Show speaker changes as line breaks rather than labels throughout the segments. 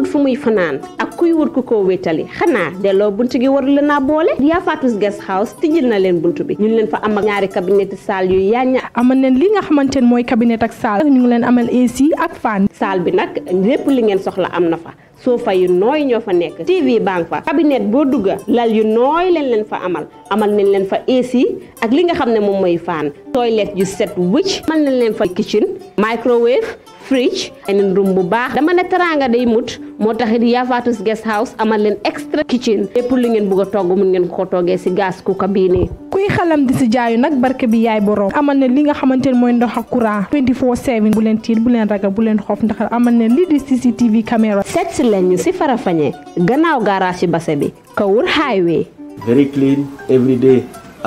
wut fu muy fanaan ak kuy wut ku ko wétali xanaa delloo bunt gi war la naa boole Dia Fatou Guest House tijjil na leen bunt bi ñu ngi leen fa am ak ñaari cabinet salle yu yaañña amal leen li nga xamante ne mooy cabinet ak salle ñu ngi leen amal AC ak fan salle bi nag lépp li ngeen soxla am na fa sofa yu nooy ñoo fa nekk TV banque fa cabinet boo dugga lal yu nooy leen leen fa amal amal nañ leen fa AC ak li nga xam ne moom mooy faan toilette yu set wëcc amal nañ leen fa kitchen microwave fridge beneen room bu baax dama ne teraanga day mut moo tax it Yavaatous Guest House amal leen extra kitchen lépp lu ngeen bëgg a togg mun ngeen ko toggee
si gaas ku ko bii nii kuy xalam di si jaayu nag barke bi yaay borom amal ne li nga xamante ne mooy ndox ak courant 24 bu leen tiit bu leen ragal bu leen xof ndax amal ne lii di CCTV caméra seet si leen ñu si Farafenni gannaaw garage base bi Kawur highway very clean every day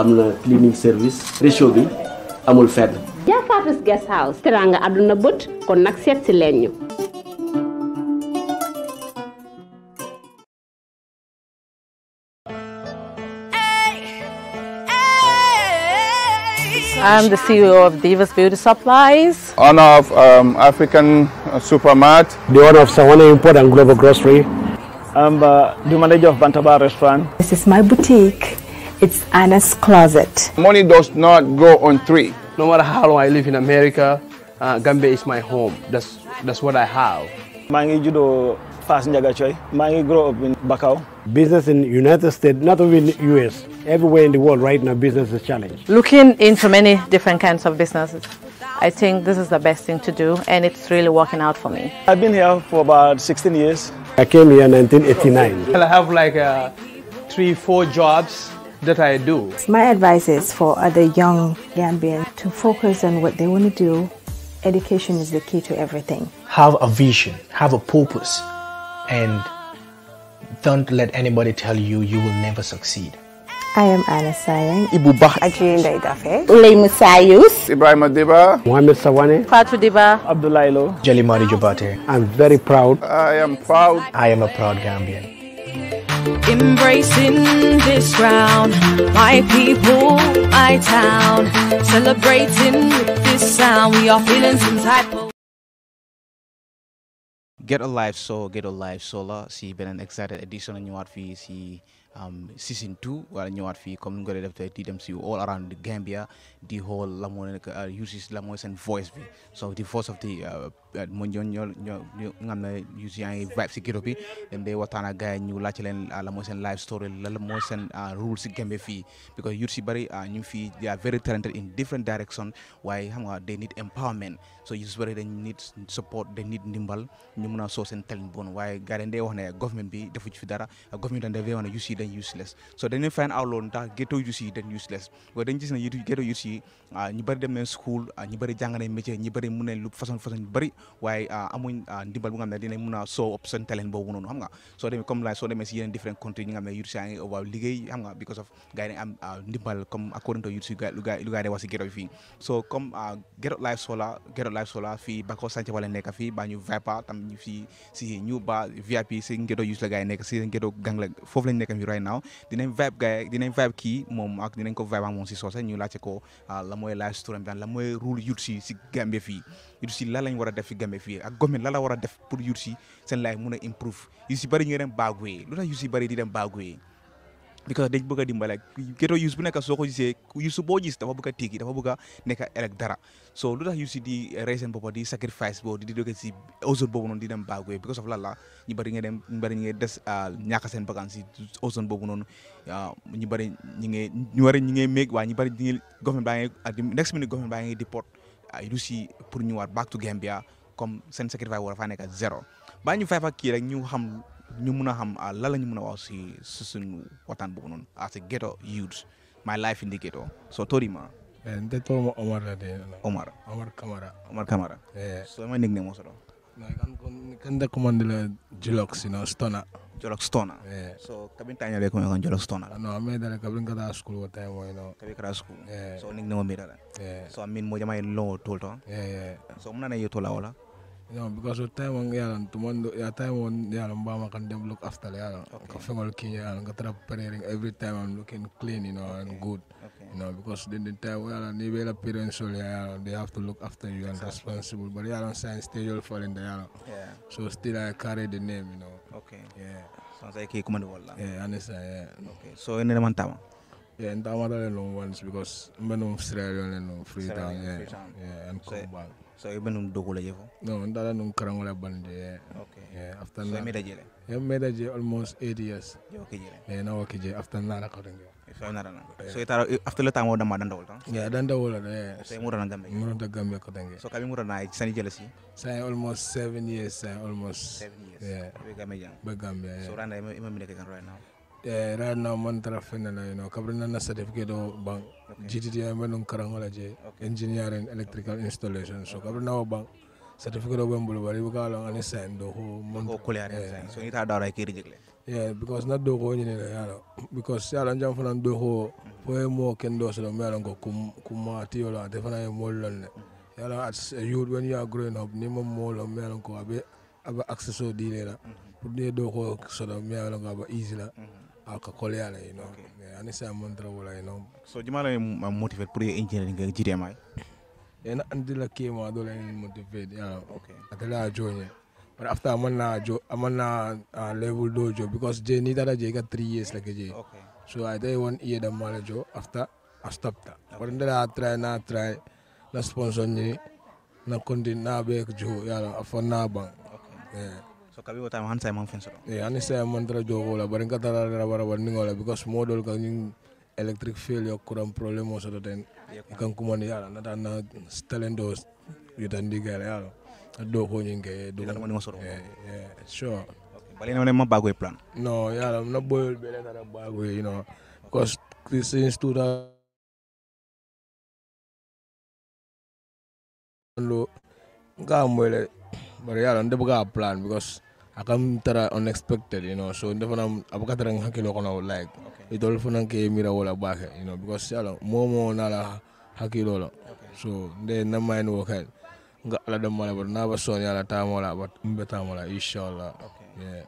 am na cleaning service réchaud amul fenn
Guest House kon i I'm
the CEO
of Divas Beauty Supplies. Owner of um, African uh, Supermart. The owner of Sawana Import and Global Grocery. I'm uh, the manager of Bantaba Restaurant. This is my boutique. It's Anna's Closet.
Money does not go on three no matter how long I live in America, uh, Gambia is my home. That's, that's what I have. Mangi judo
fast choy. Mangi
grow up in Bakau. Business in United States, not only in US, everywhere in the world right now, business is challenged.
Looking into many different kinds of businesses, I think this is the best thing to do and it's really working out for me.
I've been here for about 16 years. I came here in 1989. I have
like uh, three, four jobs that I do.
My advice is for other young Gambians to focus on what they want to do. Education is the key to everything.
Have a vision, have a purpose, and don't let anybody tell you you will never succeed. I am Anna Sayang. Ibu Bah. Adrian Daidafe. Ulay Musayus. Ibrahim Adiba. Mohamed Sawane. Fatu Diba. Abdullah Ilo. Jelimari Jobate. I'm very proud. I am proud. I am a proud Gambian.
Embracing this ground, my people, my town. Celebrating this sound, we are feeling some type of.
Get a live show, get a live solar. been an excited edition la ñëwaat fii si season two well, ñëwaat fii comme ni nga ko def all around Gambia. The whole la moo nekk usis uh, voice be so the voice of the monjon you know, ñoo the nga xam ne usis vibe si bi dem day waxtaan ak uh, life story la and rules uh, rule si Gambia fii because youth si bëri ñu ngi they are very talented in different direction why? Hang they need empowerment so youth si they need support they need nimbal, ñu mun a soo seen talent bon waaye gars yi wax ne government bi defu ci fi dara government and they want ne youth si useless so then you find out loolu ndax ghetto youth si useless waaye dañ gis ne ghetto youth ji ah, ñu bëri dem nañ school a ah, bëri jàng nañ métier ñu bëri mun nañ lu façon façon ñu bëri waaye ah, amuñ ndimbal bu nga xam ne dinañ mun a soow up talent boobu noonu xam nga soo demee comme la soo demee comme according to yursi lu gars yi bako sànce wala nekk fii baa ñu vipa tam ñu ba VIP si ngero yursi la gars yi si ngero gang la foofu lañ nekk fi right now dinañ vibe gars kii moom ak dinañ ko vibe moom si soose ñu laajte ko Ah, la mooy live stream bi la mooy rôle youths yi si Gambie fii youths yi la lañ war a def si Gambie fii ak government la la war a def pour youths yi seen life mun a improve yu si bëri ñu ngi dem baaguye lu tax yu si bëri di dem baaguye because dañ bëgg a dimbale ghetto youth bu nekk soo ko a tigi a of lan la ñu bëri nga dem ñu ah, si ozone boobu noonu ah, ñu bëri ñu government baa ngi next minute government baa ngi deport ah, war back to Gambia comme seen sacrifice war a faa nekk baa ñu fay fa kii ñu xam ñu mun a xam ah, la la ñu mun a wax si si suñu waxtaan boobu noonu as ah, a ghetto youth my life in the ghetto so torima
eh, nde tomo omar lade omar omar camara omar camara eh. so my nickname also kanda komandela
jolox no stona jolox stona eh. so kabin tanya le kuma jolox stona ah, no me dala kabin kada school wa tayo mo no kabin kada school so ning no me dala yeah. so amin mo jama lo tolto yeah, so mna na yotola wala You
know, because the time when yeah, to mondo ya time on yalan bama can them look after yalan. Okay. Kafengol kin yalan katra preparing every time I'm looking clean, you know, okay. and good. Okay. You know, because then the time yalan ni bela parents so yalan they have to look after you and responsible. But yeah, yalan sign still you'll fall in Yeah. So still I carry the name, you know. Okay. Yeah. Sounds like he command wala. Yeah, understand, uh, yeah. Okay. So in the man tama. Yeah, and tama tale long once because I'm Australian and Freetown, yeah. Freetown. Yeah, and
come back. So you've been dogo leje fo?
No, ndala num karango la bande. Okay. Yeah, after so na. jele. Yeah, made almost 8 years. okay jele. Yeah, na okay jele after na la karango. So
na na. So ita after la time wada ma danda wolta. Yeah, danda wola So mura na gambe. Mura
da gambe ko So kami mura na sani jele si. Sai almost 7 years, sai almost 7 years. Yeah.
Be gambe jang. Be gambe. So randa ima mina ke kan right now.
right eh, now mantara fenela you know kabre nana certificate o ɓang jtita mbe ɗum karagola je engineering electrical installation so kabre nawo ɓang certificate o ɓen mbulu bari ɓuka alon ani eh. sign ɗo ko
montaita dawra kiri jegle
yeah because na ɗo ko ñinila yaalo because si alon jam fanan ɗo ko mm-hmm. fo e mo ken ɗo soɗo mi alon ko kummatiyolo ate fana e mollol ne mm-hmm. yala a youth when you are growing up ni mo molo mi alon ko aɓe aɓa access o ɗilela pour ɗe ɗo ko soɗo ko aɓa easy la mm-hmm. alkakoleala ya you know okay. yeah, ani sa mandra wala you know
so jumala ya, ma motivate pour engineering ga jidi mai
en andi la ke ma dole ya. motivate yeah okay
atala jonya but after amana jo
amana uh, level dojo because je ni dara je ga 3 years like je okay so i did one year da mala jo after i stopped that okay. ndala try na try na sponsor ni na kondi na be jo yala afana bang
okay yeah so kabi wota han say man so
e yeah, ani say man tra jogo la bari ka tara raba raba ningo la because modol ka ning electric fail yo ya, kuram problem o soto ten kan kuma ni yala nata na stalendo yutandi gala yala do ko nyinge do ko ni masoro e sure
balina wala ma bagoy plan
no yala na boyol bele na bagoy you know because since 2000 lo ngamwele but yàlla dafa kaa plan because akam tara unexpected you know so dafa na abaka tara hakilo kono like okay. idol fana ke mira wala bake you know because yàlla ya momo nala hakilo lo, okay. so de na mayin wo kay nga ala dem mala but na ba son yàlla but mbe mm, mbetamola inshallah okay. yeah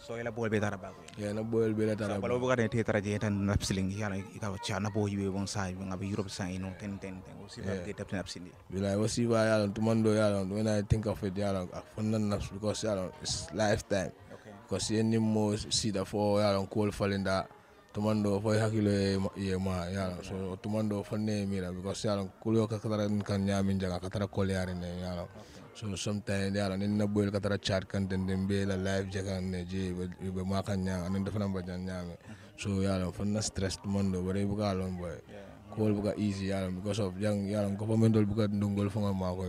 soyla bol be tara bago ya na bol be tara balo buka
ne tetara je tan nap siling ya na ka cha na bo yibe bon sai be ngabe europe sai no ten ten ten o si ya. ba ke tap nap sindi bila o si
ba ya to mando ya when i think of it ya i fun nan naps because ya it's lifetime okay because any more see the for ya call falling that tumando fo ya hakilo ye ma ya so tumando fo ne mira because ya kulo ka kadara kan nyamin jaga kadara kole yare ne ya, ya okay so sometimes yara ni na boyel katara chat kan den den be la live jagan ne je be ma kan nya anen dafa nam jan nya so yara fa na stress to mondo bare bu ka lon boy ko bu easy yara because of yang yara ko pamendo bu buka ndongol fa nga ma ko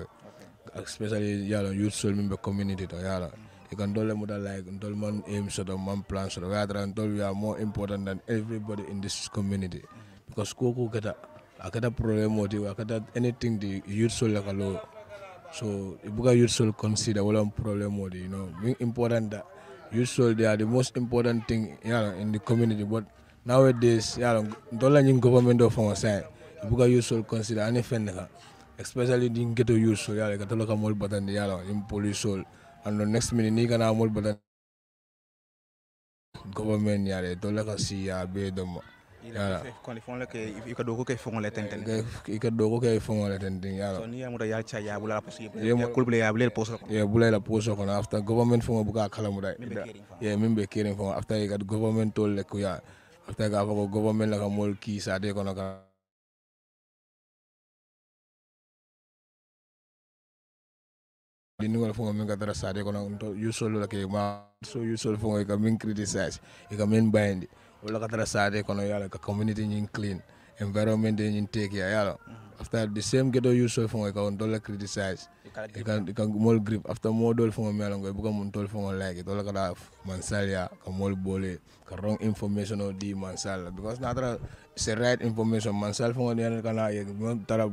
especially yara youth soul member community to e ikan dole muda like ndol man aim so do man plan so do yara dole we are more important than everybody in this community mm-hmm. because koko kata akata problem motive akata anything the youth soul la kalo So Ibuka youth should consider what well, problem with you know. Being important that youth should they are the most important thing you know, in the community. But nowadays, you know, dollar government of our side, Ibuka youth should consider anything. Especially the ghetto youth should you know, like a local mall button, you know, in police should and the next minute you can have mall button government yare dollar kasi ya be domo.
ifon ika dogo kay
le la government buka kala min be mimbe kering fongo after government tol le government la mool
ki ka dinigol fongo min katara sade kono to ma
so yusol ka min criticize ka min bayndi wala ka tara sade kono yala ka community nyin clean environment de nyin take ya yala after the same gedo you so fongo ka on criticize ka ka mol grip after mo dol fongo melo ngoy buka mun tol fongo like dollar ka da man salya ka mol bole ka wrong information o di man sal because natural tara right information man sal fongo de kana ye tara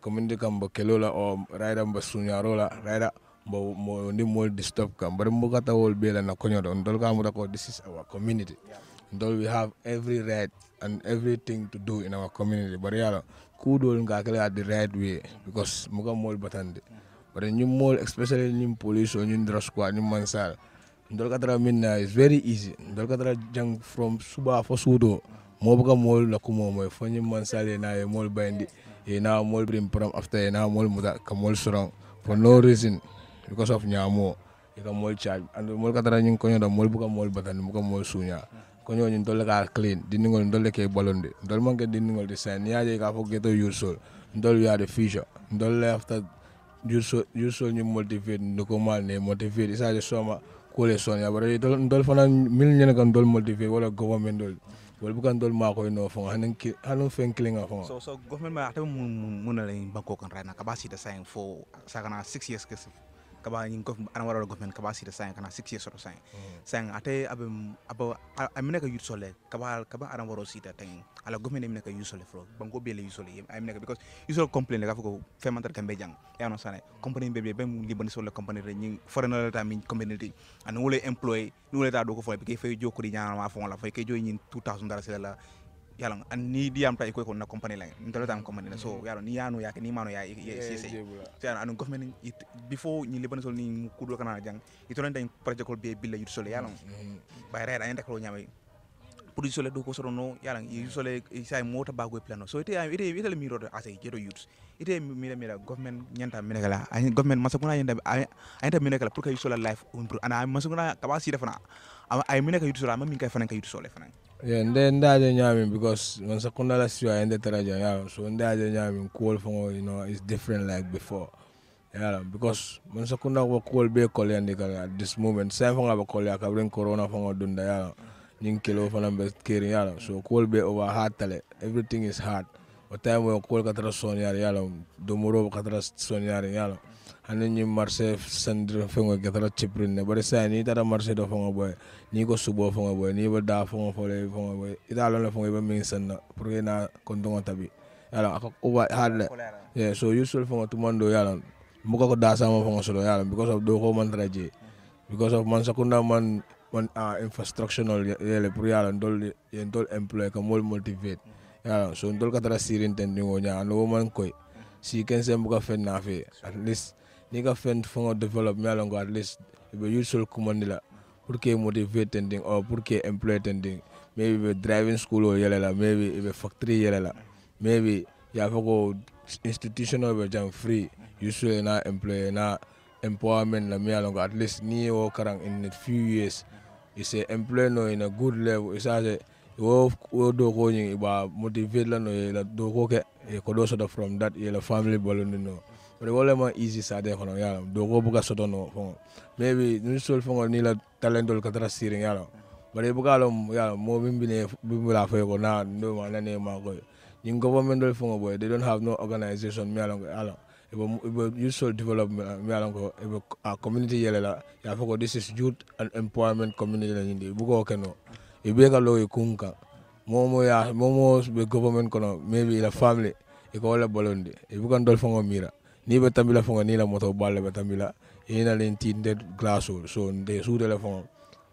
community kam ba kelola o rider ba sunyarola rider mo mo ni mo disturb kam bar mo kata wol bela na konyo don dol ka mo ko this is our community yeah. though we have every right and everything to do in our community but yala kudol ngakala the right way because muga mol batande but new mol especially new police or new drug squad new mansar ndol katara minna is very easy ndol katara jang from suba fo sudo mo buga mol la kumo moy fo new mansar na e mol bandi e na mol brim pram after e na mol muda ka mol strong for no reason because of nyamo e ka mol charge and mol katara nyin konyoñin dolle ka clean dinningol dolle ke balonde dol manke dinningol di sen yaaje ka fo geto yursol dol yaade fisha dolle after yursol yursol ni motivate ndiko mal ne motivate isaje soma kole son ya bare dol dol fana mil nyene kan dol motivate wala government dol wala bukan dol ma koy no fo hanan ki hanan fen klinga so
so government ma ta mun mun la banko kan rana kabasi da saying fo sagana 6 years kaba ñing ko an wara government kaba sita sang kana 6 years or sang mm. sang ate abe abo amene ka yusole kaba kaba an wara sida tang ala government amene ka yusole fro bango bele yusole amene ka because yusole complain ka fuko femantar kambe jang ya no sane company bebe bem libani sole company re ñing foreigner ta min community an wole employee ni wole ta do ko fo be ke fay jokuri ñaan ma la fay ke joy ñin 2000 dollars la yalon an ni diyam tawi koy ko na compagnie lang ndolatan compagnie la so mm. yalon ni yanu yake ni mano ya sese so yalon anu government before ni liban sol ni kudo kana jang itolan tan projet kol be billa yut sol yalon bay re da en taklo nyamay pour sole mm, mm, do ko soro no yalon yu sole sai mota ba go plano so ite ite ite le miro ase jedo yut ite mira mira government nyanta minegala ani government masakuna yanda ayanta minegala pour kay sole life pour ana masakuna kabasi defana ay mineka yut sole ma min kay fanan kay yut sole fanan
Yeah, nde ndaje nyamin because man sakunda la siwa ende taraja yalo. So ndaje nyamin cool fongo, you know, it's different like before. Yeah, because man sakunda ko cool be kole ande kala at this moment. Sai fonga ba kole akabren corona fongo dunda yalo. Ning kilo fana be kiri yalo. So cool be over hard tale. Everything is hard. O time we cool katra son yalo yalo. Domoro katra son yalo yalo. hani ñu marché sandre fengo getara ne bari sa ni dara marché do fongo boy ni ko subo fongo boy ni ba da fongo fole fongo boy ida lon la fongo ba mi sanna pour na kon dongo tabi ala ko uba hadle yeah so usual fongo tumando yala mu ko da sama fongo solo yala because of do ko man traje because of man sakunda man man a ah, infrastructural yele pour yala ndol yen dol employ ko mol motivate yala so ndol ka dara sirin tendingo nya no man koy si kense muka fen fenna fe at least ni ka fɛn fɛn develop mi alon at least be usual kumandi la pour que motivate ten ding or pour que employ ten ding maybe be driving school o yɛlɛ la maybe be factory yɛlɛ la maybe y'a fɔ institution o be jam free usual na employ na empowerment la mi alon ko at least ni o karang in a few years is a employ no in a good level is a wo wo do ko nyi ba motivate la no la do ko ke e ko do so from that yɛlɛ family bolo no but the problem easy side kono yala do go buka soto no fon maybe ni sol fon ni la talento ka tara sirin yala but the buka lo yala mo bimbine bimbula fe na ndo ma na ne ma ko in government do fon boy they don't have no organization mi yala yala useful development mi yala ko a community yala la ya fo this is youth and employment community la ndi buka ko no e be ka lo e kunka momo ya momo be government kono maybe la family e ko wala bolonde e buka ndol fon mira ni be tambila fonga ni la moto balle be tambila ina len tin de glaso so de su de la fonga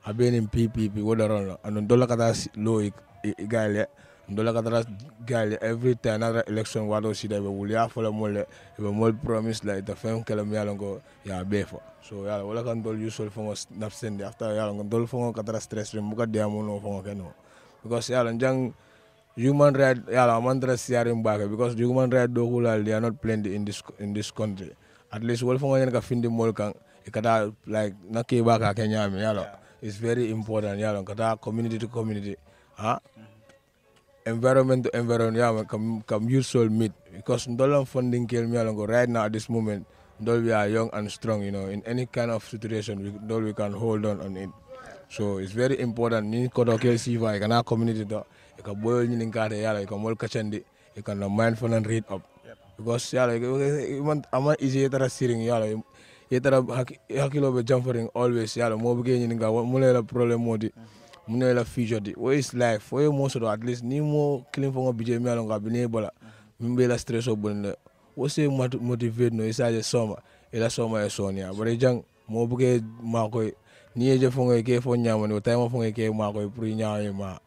abeni ppp woda ron la anon dola kata lo igale ndola katara gali every time another election wado sida ibe wuli afo le mole mol promise la ita fem kele mi yalongo ya befo so yala wala kan dol usual fongo nafsendi after yalongo dol fongo katara stress rim muka dia muno fongo keno because yala njang human rights, yeah, human rights yarin back because the human rights, do hulal they are not playing in this in this country at least wol fonga ka findi mol kan ikata like nake baaka ke Kenya, yalo it's very important yalo kata community to community huh? environment to environment yeah kam kam usual meet because ndolan funding kel mi yalo right now at this moment ndol we are young and strong you know in any kind of situation we we can hold on on it so it's very important ni kodo I can our community to you can boil in the yala, you can work catch and you can mindful and read up. Because yala, even I'm not easy to steering yala. Yetara hakilo be jumpering always yala. Mo bege ni la problem modi. Mm-hmm. Mune la future di. What is life? What mo so at least ni mo killing for ngo bije mm-hmm. mi alonga bine bola. Mbe la stress obunne. What motivate no isa e je soma. Ila e soma e ya sonia. But jang mo bege ma ko je fongo ke fo nyama ni o time fongo ke ma ko pri nyama ma.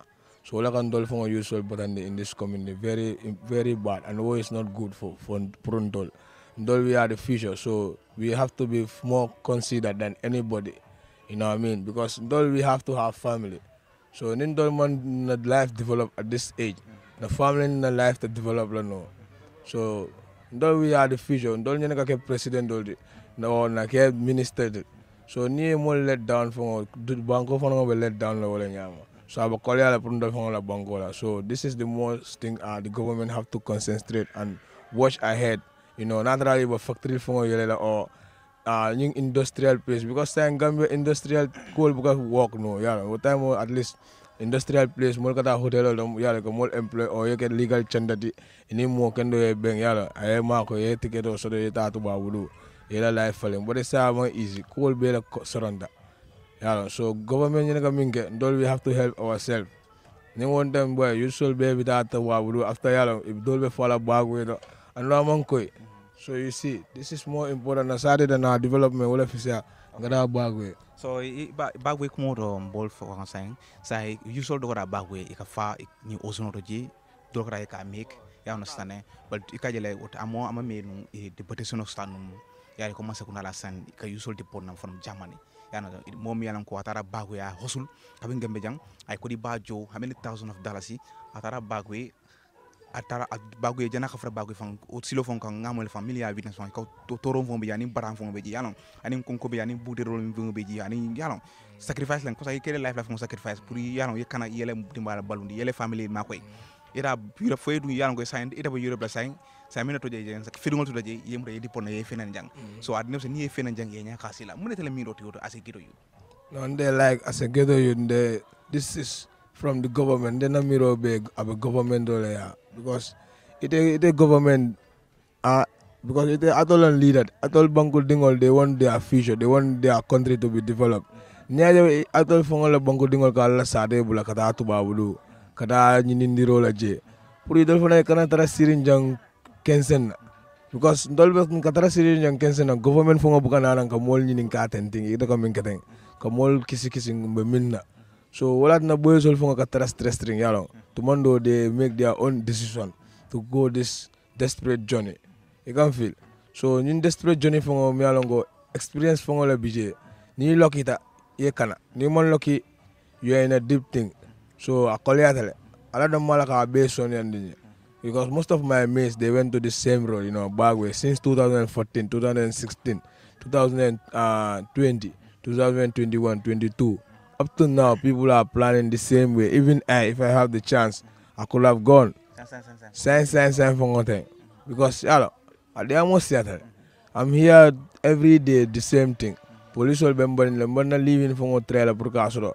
So Olak and Dolphin are usual but in this community, very very bad and always not good for, for Pruntol. Though we are the future, so we have to be more considered than anybody, you know what I mean? Because though we have to have family. So in Dolman life develop at this age. The family in the life to develop no. So though we are the future, though you get president or na get minister. So ni more let down for bank of let down la wala so our career la production la So this is the most thing uh, the government have to concentrate and watch ahead. You know, naturally but factory for or uh industrial place because time Gambia industrial cool because work no, yeah. What time uh, at least industrial place more kata hotel um, or yala ko mol employ you yeke legal chandati ini mo kendo ye I yala ay ma ko to ticket o so they ta to ba wulu yela life falen bo de sa mo easy cool be la uh, soranda Yeah, so government you min get we have to help ourselves. Ni won dem boy you should be with that wa we after yalo if dol be fall back with and no man koi. So you see this is more important aside than our development wala fisa
ngada back So back we come to ball for what I'm saying. Say you should ni ozono do ji dol kra ka make you ya understand eh? but ikajele what amo ama me no the petition of stanum yari commence kuna la san ka you should deport from Germany. yana moom yalan ko atara bagu ya hosul kaɓe gembe jang ay kodi ba jow how many thousand of dollars atara bagu e atara bagu e jana kafra bagu fan o silo fon kan ngamol fan milliard witness fan yaani yaani, yaani ko toron fon be yani baran fon be ji yanon anin konko be yani buderol mi fon be ji anin yanon sacrifice lan ko sa kele life life mo sacrifice pour yanon yekana yele dimbala balundi yele family makoy ira pura foi du ko sain ida bo yure bla sain samina to jeje sak ngol to yem re di ponna ye fenan jang hmm. so adne so ni iya, ye fenan jang ye nya iya, la mune tele miro to ase gido gitu,
yu non nah, de like ase gido yu de this is from the government then miro be abe government dole ya because ite ite government ah because ite atol leader atol bangul dingol they want their future they want their country to be developed nyaje atol fongol bangul dingol sa de bula kata atu babulu kata nyindiro la je pour idol fana kana tara sirin jang kensen because ndol be ka tara siri nyang kensen na government fonga bukan arang ka mol nyinin ka tenting ito ka min keteng ka mol kisi kisi be minna so wala na boy sol fonga ka tara stress string yalo to mondo they make their own decision to go this desperate journey you can feel so nyin desperate journey fonga mi yalo go experience fonga la bije ni lucky ye kana ni mon lucky you in a deep thing so akolyatale ala dum mala ka be sonya ndinya because most of my mates they went to the same road, you know, Bagway since 2014, 2016, 2020, uh, 2021, 22. Up to now, people are planning the same way. Even I, if I have the chance, I could have gone. Same, same, same for nothing. Because hello, they almost settled. I'm here every day, the same thing. Police will be leaving from a trailer, so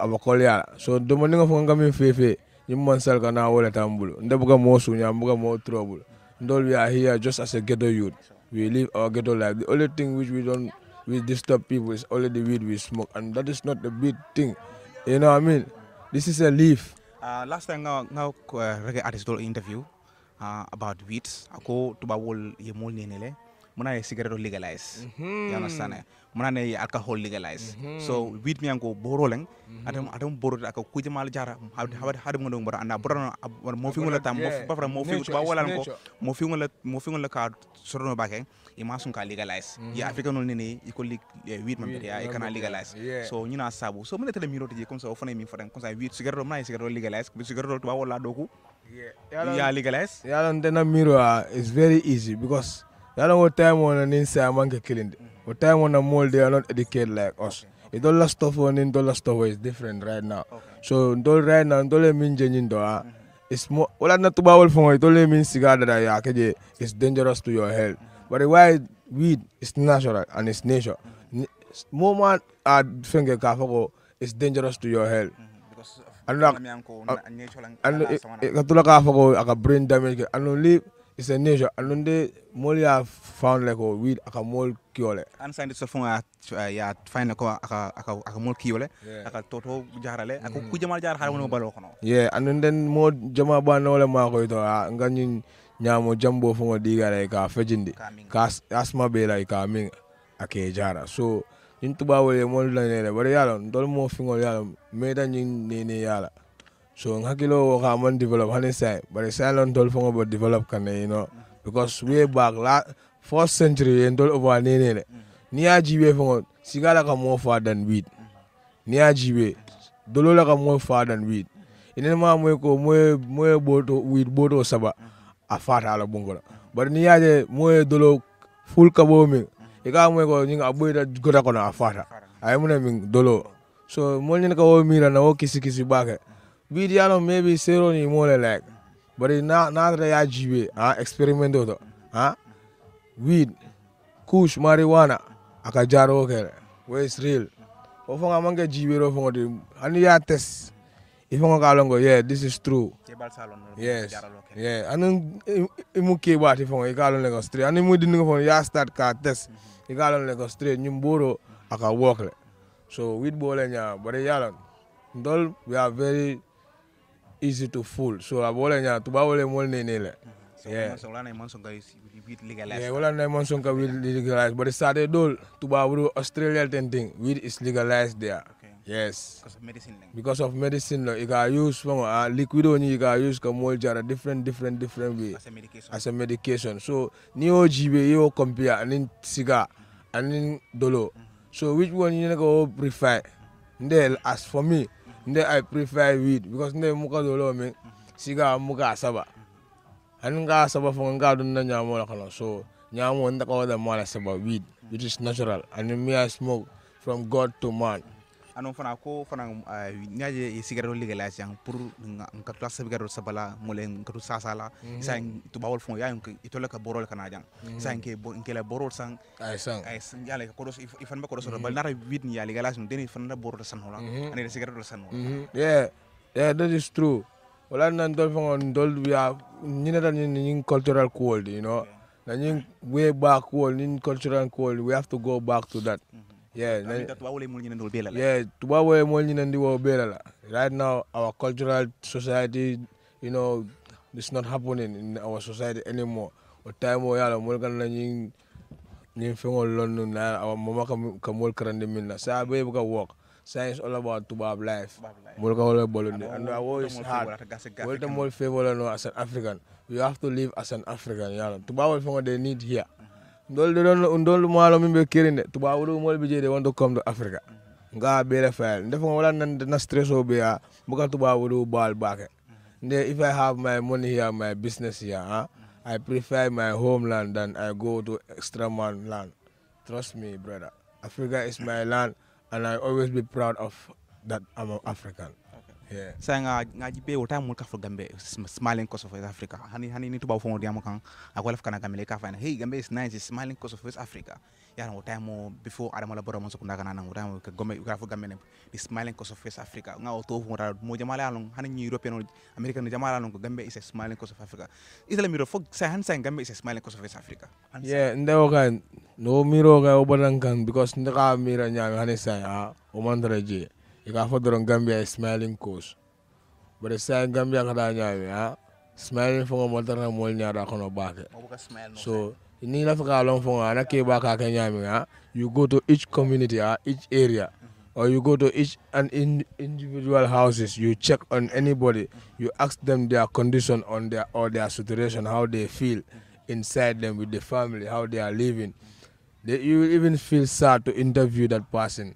I'm a So, the morning of Hongami Fefe. You mansal kana wala tambulu. more soon. sunya, mbuga more trouble. Ndol we are here just as a ghetto youth. We live our ghetto life. The only thing which we don't we disturb people is only the weed we smoke, and that is not the big thing. You know what I mean? This is a leaf.
Uh, last time now, now uh, reggae artist interview uh, about weeds. Ako tuba wol yemol nenele. muna ye cigarette legalize mm-hmm. you understand muna ne alcohol legalize mm-hmm. so wit mi ango boro leng mm-hmm. adam adam boro aka kuje mal jara hawde hawde hawde ngodo ngora anda boro mo fi ngola tam mo fi mo fi ba wala ko mo fi ngola mo fi ngola ka sorono bake e ma sun ka legalize ya africa non ne iko wit mam ya e kana legalize so na sabu so mune tele miro je comme ça o fane mi fadan comme ça wit cigarette muna e cigarette legalize cigarette ba wala doku
yeah ya
legalize
ya dan dena miro uh, is very easy because You know what time on and inside monkey killing. Mm -hmm. What time on a mold they are not educated like us. Okay. It all last stuff on in dollar stuff is different right now. Okay. So do right now do mean changing do it's more well not to bawal for it only means cigar that I yeah, it's dangerous to your health. Mm -hmm. But why weed is natural and it's nature. Mm -hmm. Moment I think it's dangerous to your health. Mm-hmm. Because ano, natural and, uh, and, and, and, and, and, and, and, and, and, and, and, and, and, it's a nature. And then they you have found like
a weed a mole kiole. And sign it so fun yeah, find a aka a aka mole kiole. Aka toto jarale. a mm. kujama jar har wono mm. balo Yeah, and then more jama
ba no le ma ko to ah, nga nyin nyamo jambo fun diga like a ah, fejindi. Cast asthma be like a ah, ming a kejara. So into tuba wole mo la ne le. Bare yalo ndol mo a yalo. Meda nyin ne ne yala. So Ngakilo work on develop Hanisai, but it's silent fo about develop can you know because way back last first century and all over Nene. Mm-hmm. Nia Jiwe from Sigala ka more far than weed. Mm-hmm. Nia Jiwe. Dolola ka more far than weed. Mm-hmm. In the mamma ko mwe mwe boto weed boto saba a fat ala bungola. But nia de mwe dolo full kabomi. Ika mwe ko nyinga abuida gota kona afata. Ayamuna ming dolo. So mwe nyinka wo mira na wo kisi kisi bake bidiyano maybe sero ni mole like but na na tra ya jibe ha experiment do ha weed kush marijuana aka jaro kere we is real o fonga manga jibe ro fonga di ani ya test i fonga ka longo yeah this is true yes yeah anu imu ke ba ti fonga i mm-hmm. ka longo straight anu mu di ngo fonga ya start ka test i ka longo straight nyumboro aka walk so weed bole nya but yalon we are very easy to fool so abole nya to bawole mol ni ne le
yeah so lana mon songa weed legalized yeah lana mon
songa weed legalized but it started dol to bawuru australia ten thing weed is legalized there okay. yes because of medicine then. because of medicine no, you can use from uh, liquid only you can use come mold jar different different different way as a medication as a medication so ni ojibe you compare and cigar anin dolo mhm. so which one you go prefer mm then as for me nde i prefer weed because nde muka dolo me siga muka asaba an ga asaba fo nga dun na nyamo la kono so nyamo nda ka wada mala saba weed which is natural and me i smoke from god to man
ano fana ko fana ñaje eh, sigaro ligue la pour nka to sabi garo sabala mole nka to sasala mhm. san to bawol fon ya nka to la ka borol kana jang mhm. san ke bo nka la borol san ay san ay san ya la ko ifan ba ko so mhm. bal nara wid ni ya ligue la jang deni fana borol san hola ani sigaro san hola
yeah yeah that is true wala nan dol fon dol ya ni na ni ni cultural cool you know na ni way back wall ni cultural cool we have to go back to that mm -hmm. Yeah, yeah. mean, that's why we're in the world why Right now, our cultural society, you know, it's not happening in our society anymore. The time we are, we're gonna ning ning London our mama kam kamol karande minna. Sa abe buka work. Science all about to bab life. Mulka all bolonde. And our I is hard. Well, the more favorable as an African, we have to live as an African. Yeah, to bab they need here. Mhm. ndol ɗo ndol malo min ɓe kirinde tubabuɗo molɓe jeyde wonto comme ɗo africa nga ɓeere fayal ndefa wala na stress o ɓeya mboka tubabuɗo bawal nde if i have my money here my business here ah, i prefer my homeland than i go to extra man land trust me brother africa is my land and i always be proud of
that i'm african yeah. sa nga ngajibe wota mul ka fo gambe smiling coast of west africa hani hani ni tuba fo ndiamo kan akwala fkana gambe ka fa hey gambe is nice is smiling coast of west africa yana wota mo before adama la boromo so kunda kana na wota mo gambe ka fo gambe ne the smiling coast of west africa nga o to fo wota mo jamala alon hani ni european american jamala alon gambe is smiling coast of africa isla miro fo sa han sa gambe is smiling coast of west africa yeah
ndo kan no miro ga obadan kan because ndaka mira nya hani sa a ah, o mandra je ika fo doron gambia is smiling coast bare sa gambia kada nyame ha ah, smiling fo mo tara mo nyaara kono baake so ni la faka long fo ana ah, ke ba ka ka nyame ha ah, you go to each community ha each area mm-hmm. or you go to each and in individual houses you check on anybody mm-hmm. you ask them their condition on their or their situation how they feel mm-hmm. inside them with the family how they are living they, you even feel sad to interview that person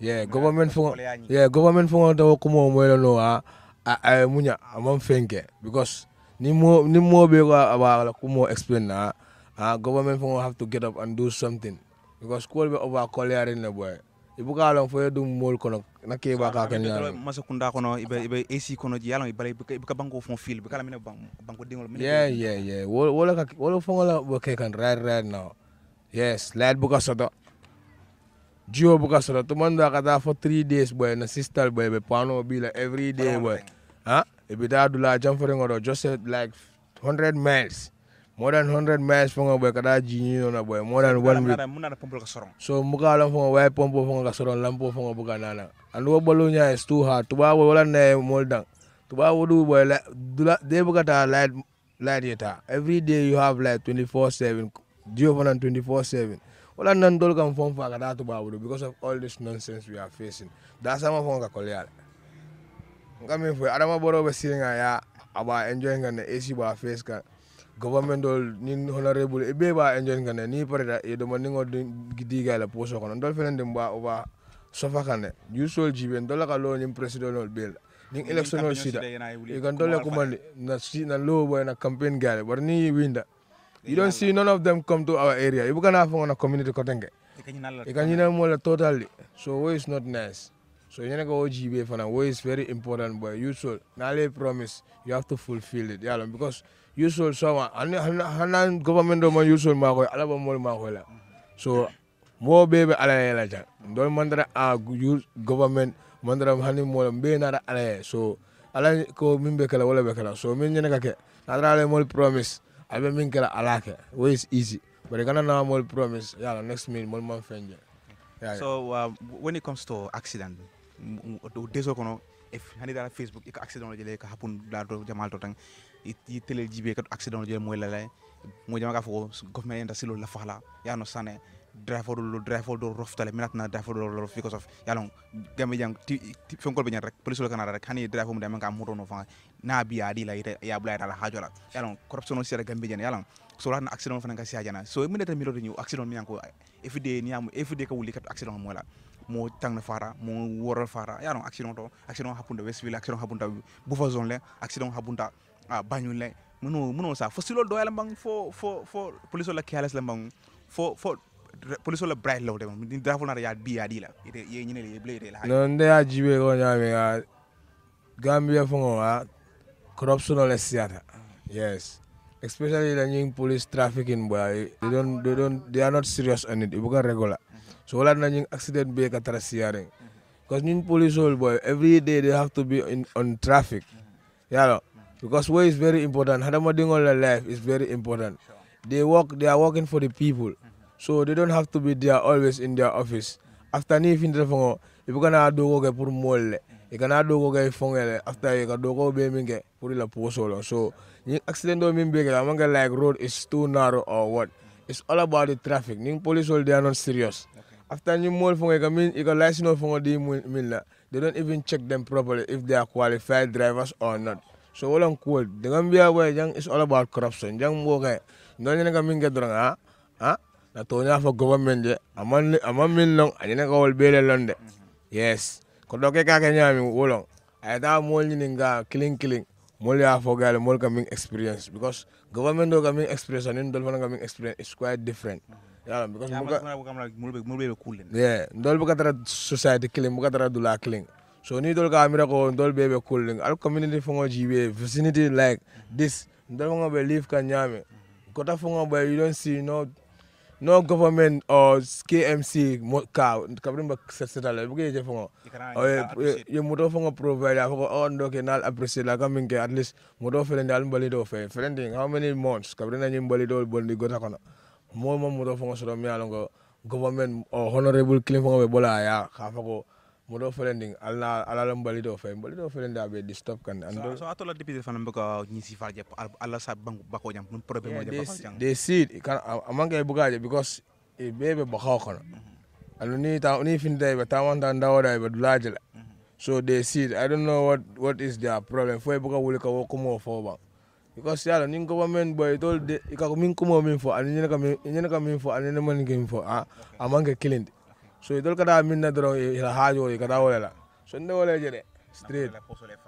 yeah government fo yeah government fo to ko mo mo no a a munya amam fenke because ni mo ni mo be ko aba ku mo explain na uh, government fo have to get up and
do something
because ko be over college ne boy ibuka long fo dum mol kono na ke ba ka ken yaro
masa kunda kono ibe ibe ac kono ji yalo ibe ibuka bango fo fil ibuka la mine bang bango dingol mine yeah yeah
yeah wala ka wala fo la bo ke kan right right now yes lad buka soto Jio buka sura tu manda kata for three days boy na sister boy be pano bila every day boy. Ha? E bi da dula jam for ngoro just like 100 miles. More than 100 miles for boy kada jinyo na boy. More than 1 week. Muna na pompo ka sorong. So muka lang for boy pompo fo ngoro sorong lampo fo ngoro buka nana. And wo bolu nya is too hard. Tu ba wo wala na moldang. ba wo du boy la dula de buka ta light light yeta. Every day you have like 24/7. Jio fo na 24/7. wala nandol kam fon fa kata tubabu because of all this nonsense we are facing dasama fon ka kolyal ngami fo adama borobe siringa ya aba enjoy ngane esi ba face ka government dol ni honorable e be ba enjoy ngane ni pareta e do man ngo gidiga la poso kono dol fenen dem ba oba sofa kane usual jiben dol ka lo ni president dol bel ni election dol sida e gandol e ko na si na lo boy na campaign gale bar ni winda You don't see none of them come to our area. You can have on a community kotenge. You can you totally. So way is not nice. So you go OGB for way is very important, but you should Nale promise you have to fulfill it. Yeah, because you should someone and government you should mako alaba mol makola. So more baby ala ja. Don't mandra a ah, government mandra hani mol be nara ala so ala ko mimbe kala wala be kala. So min ne ka ke. promise. I be min kɛra ala kɛ o is easy but i kana na more
promise yala next minute more man fɛn jɛ yeah, so uh, when it comes to accident do deso kono if hani dara facebook ik accident jele ka happen la do jamal to tang i tele jibe ka accident jele moy la lay mo jama ka fo government enda silo la fala no sane drapeau dulu rough tali minat na driver dulu rof because of ya long gambe ti fenkol ɓe ñan rek police kan ada rek hani driver mu damen kamu rono fang na biya ira ya yabula yata ala haajo ala yalon corruption o sira gambe ya long so wala accident fana aja na so ini miroto ñiw accident miyan ko everyday niyam everyday ka wuli kat accident mo wala mo na fara mo worol fara ya long accident to accident da westville accident habunda bufa zone le accident hapun da ah, banyun le muno muno sa fo doa do ya bang fo fo fo police la kiales la bang fo fo polisola bright law dem ni daful na yaa bi di la ye ye ne le ble re la no nde
a jibe ko nya me ga gambia fo ngwa corruption ole siata yes especially la new police trafficking boy e, they don't they don't they are not serious on it e bukan regular so wala na nying accident be ka tara siaring because new police old boy every day they have to be in on traffic yalo because way is very important hadama ding all life is very important they work they are working for the people so they don't have to be there always in their office after ni fin da fongo ibukana dogo ke pour molle ikana dogo ke fongele after ka dogo be minge pour la posolo so ni accident do min be la manga like road is too narrow or what it's all about traffic ni police all they are not la they don't even check them properly if they are qualified drivers or not so walang cool dengan biya boy jang is all about corruption jang mo ke dorang ha ah, ah, na toña fo government je aman aman min long anyene ka wol bele de yes ko do ke ka ke nyami wolong ay ta mol ni nga killing killing mol ya fo gal mol coming experience because government do coming experience anin dol fo coming experience is quite different mm-hmm.
yeah because muka mol be mol be cool
yeah dol bu katara society killing bu katara dula killing so ni dol ka amira ko dol be be cool al community fo ngo jibe vicinity like this dol ngo be live ka nyami mm-hmm. kota fo ngo be you don't see you know no government or KMC ka ba seseta la bugi je fongo ye mudo fongo provide ko on oh, do ke nal appreciate la coming ke at least mudo fele dal mbali do fe friending how many months kabrina nyi mbali do bondi gota kono mo mo mudo fongo so do mi alongo government or honorable clean fongo be bola ya ka fako modo felendin
alna alala mbalito fay mbalito felende aɓe distop kan ando so atola député fana mboka ñisi farje alla sa bangu bako jam ɗum probléme oje bako jam des
seed kan amanke bugaje because e ɓeɓe bakaw kono mm-hmm. ando ni ta ni finde ɓe tawanta dawoɗa ɓe dulaje la mm-hmm. so they seed i don't know what what is their problem fo e buga wuli ko wo kumo fo ɓan because yala nin government boy e tol de ikako e min kumo min fo ani ñene e ka min fo ani ñene manin kin fo a amanke kilinde so idol eh, eh, kada minna doro ila hajo kada wolela so nde wole jere straight